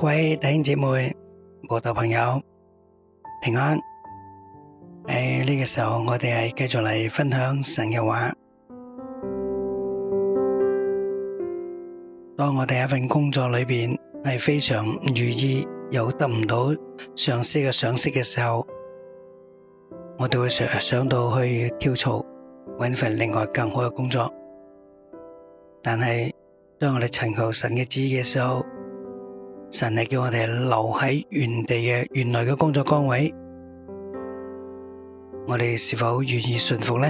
各位弟兄姐妹、慕道朋友平安。喺、哎、呢、這個時候，我哋係繼續嚟分享神嘅話。當我哋一份工作裏邊係非常唔如意又得唔到上司嘅賞識嘅時候，我哋會想想到去跳槽，搵份另外更好嘅工作。但係當我哋尋求神嘅旨意嘅時候，神係叫我哋留喺原地嘅、原來嘅工作崗位，我哋是否願意順服呢？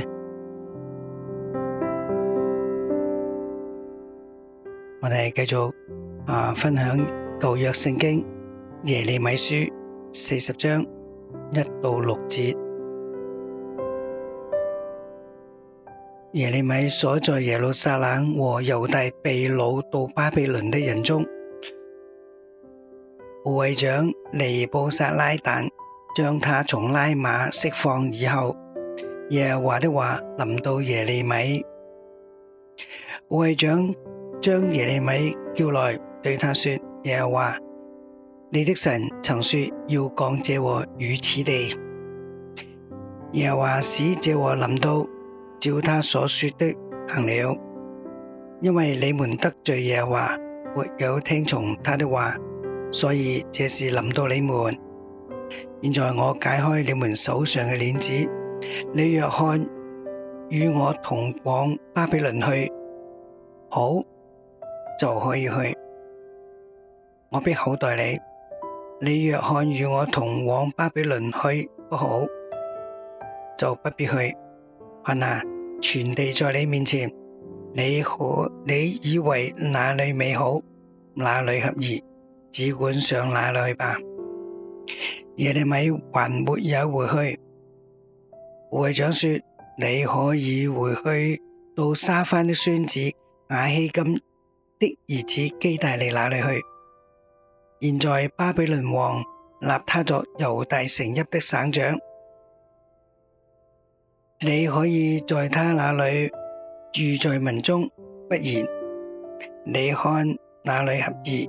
我哋繼續啊，分享舊約聖經耶利米書四十章一到六節。耶利米所在耶路撒冷和猶大被擄到巴比倫的人中，護衛長尼布撒拉旦將他從拉馬釋放以後，耶和華的話臨到耶利米，護衛長將耶利米叫來，對他說：耶和華，你的神曾說要降這禍於此地。耶和華使這禍臨到，照他所說的行了，因為你們得罪耶和華，沒有聽從他的話。所以這事臨到你們。現在我解開你們手上嘅鏈子。你若看與我同往巴比倫去，好，就可以去。我必厚待你。你若看與我同往巴比倫去，不好，就不必去。困難全地在你面前，你可你以為哪裏美好，哪裏合意，只管上哪裏去吧。耶利米還沒有回去，會長說：你可以回去到沙番的孫子亞希金的兒子基大利那裏去。現在巴比倫王立他作猶大城邑的省長，你可以在他那裏住在民中，不然你看哪裏合意？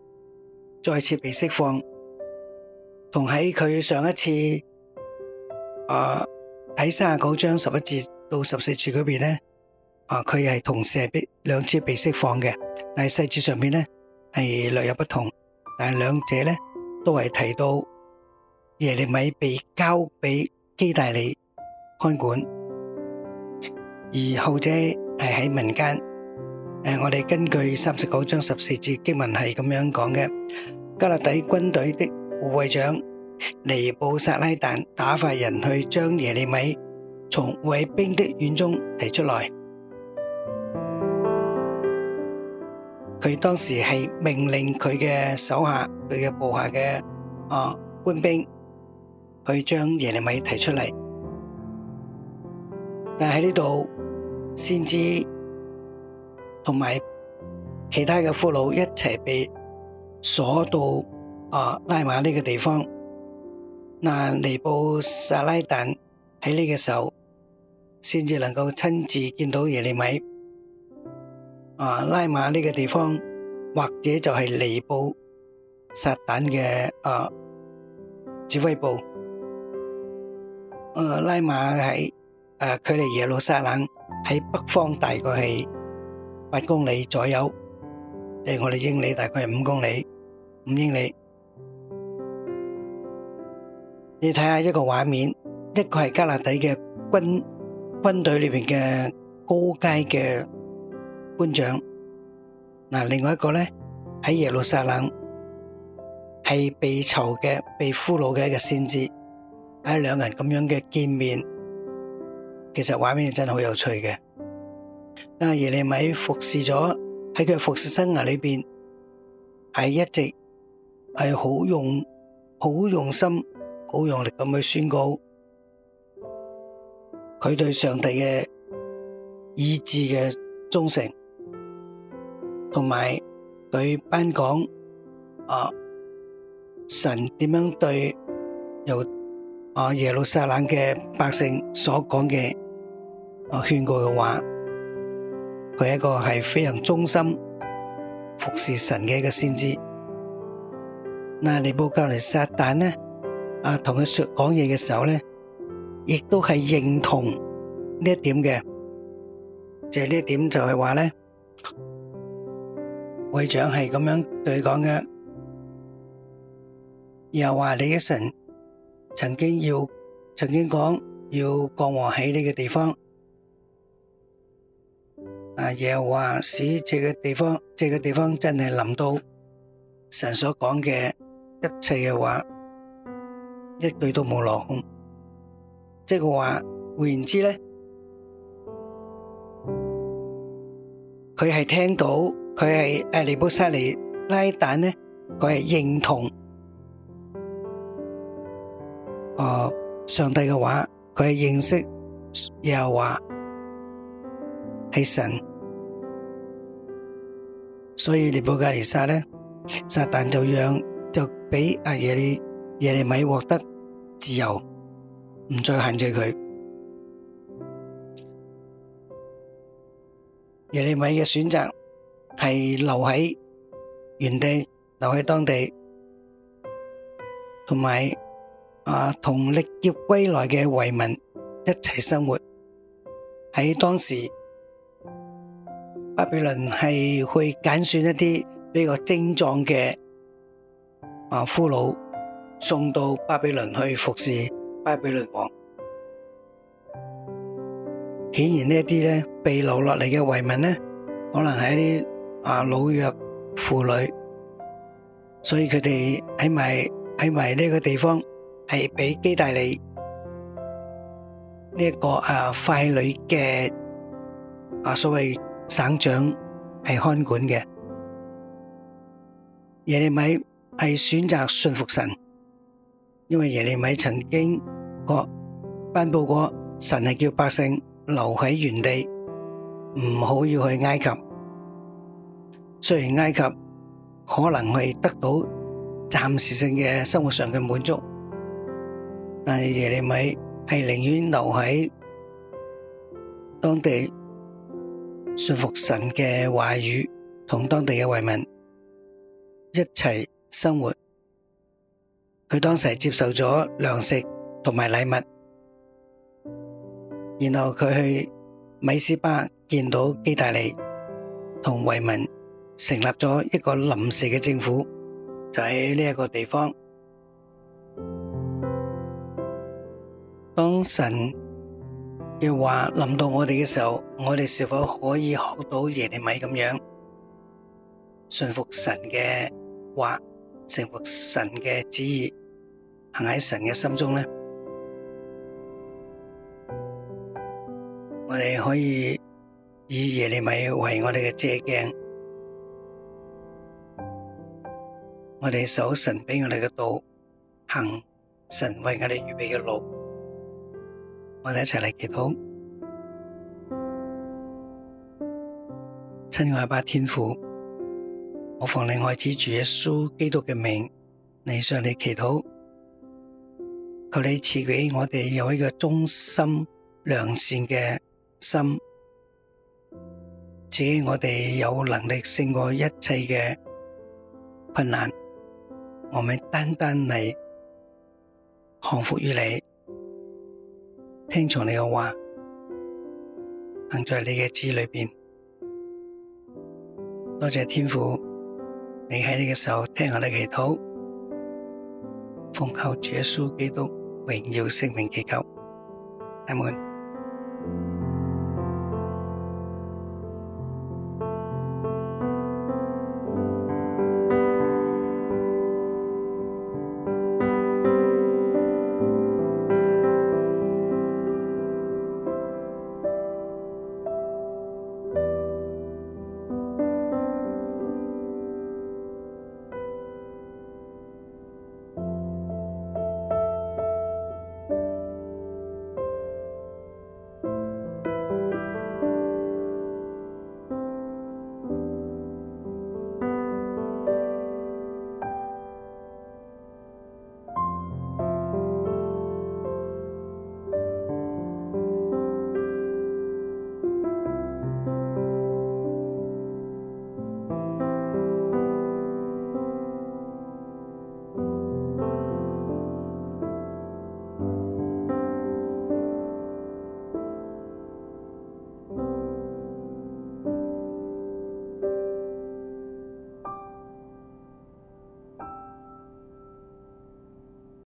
再次被釋放，同喺佢上一次，啊喺三十九章十一節到十四節嗰邊咧，啊佢係同時被兩次被釋放嘅，但係細節上邊咧係略有不同，但係兩者咧都係提到耶利米被交俾基大利看管，而後者係喺民間。誒，我哋根據三十九章十四節經文係咁樣講嘅，加勒底軍隊的護衛長尼布撒拉旦打發人去將耶利米從衛兵的院中提出來。佢當時係命令佢嘅手下，佢嘅部下嘅啊官兵去將耶利米提出嚟，但係喺呢度先知。同埋其他嘅俘虜一齊被鎖到啊拉瑪呢個地方，那尼布撒拉旦喺呢個時候，先至能夠親自見到耶利米啊拉瑪呢個地方，或者就係尼布撒旦嘅啊指揮部。誒、啊、拉瑪喺誒距離耶路撒冷喺北方大概係。八公里左右，即我哋英里大概係五公里，五英里。你睇下一個畫面，一個係加勒底嘅軍軍隊裏邊嘅高階嘅官長，嗱，另外一個咧喺耶路撒冷係被囚嘅、被俘虜嘅一個先知，喺兩人咁樣嘅見面，其實畫面真係好有趣嘅。阿耶利米服侍咗，喺佢服侍生涯裏邊，係一直係好用、好用心、好用力咁去宣告佢對上帝嘅意志嘅忠誠，同埋對班講啊神點樣對由啊耶路撒冷嘅百姓所講嘅啊勸告嘅話。佢一個係非常忠心服侍神嘅一個先知。那尼布甲尼撒旦呢，阿同佢說講嘢嘅時候呢，亦都係認同呢一點嘅，就係呢一點就係話呢，會長係咁樣對講嘅，又話你嘅神曾經要，曾經講要降禍喺呢個地方。啊！又話使這個地方，這個地方真係臨到神所講嘅一切嘅話，一句都冇落空。即係話換言之咧，佢係聽到，佢係誒尼波沙尼拉旦，咧，佢係認同哦上帝嘅話，佢係認識耶和華，又話。係神，所以尼布賈尼撒咧，撒旦就讓就俾阿耶利耶利米獲得自由，唔再限制佢。耶利米嘅選擇係留喺原地，留喺當地，同埋啊同力劫歸來嘅遺民一齊生活喺當時。巴比倫係去揀選一啲比較精壯嘅啊俘虜，送到巴比倫去服侍巴比倫王。顯然呢一啲咧被留落嚟嘅遺民咧，可能係一啲啊老弱婦女，所以佢哋喺埋喺埋呢個地方係俾基大利呢一，這個誒傀儡嘅啊所謂。省長係看管嘅，耶利米係選擇信服神，因為耶利米曾經過頒布過神係叫百姓留喺原地，唔好要去埃及。雖然埃及可能係得到暫時性嘅生活上嘅滿足，但係耶利米係寧願留喺當地。說服神嘅話語，同當地嘅遺民一齊生活。佢當時接受咗糧食同埋禮物，然後佢去米斯巴見到基大利同遺民，成立咗一個臨時嘅政府，就喺呢一個地方。當神。嘅話，臨到我哋嘅時候，我哋是否可以學到耶利米咁樣順服神嘅話，順服神嘅旨意，行喺神嘅心中呢？我哋可以以耶利米為我哋嘅借鏡，我哋守神畀我哋嘅道，行神為我哋預備嘅路。我哋一齊嚟祈禱，親愛嘅天父，我奉你愛子主耶穌基督嘅名嚟向你上祈禱，求你賜俾我哋有一個忠心良善嘅心，賜俾我哋有能力勝過一切嘅困難，我咪單單嚟降服於你。聽從你嘅話，行在你嘅字裏邊。多謝天父，你喺呢個時候聽我哋祈禱，奉靠主耶穌基督榮耀聖名祈求，阿門。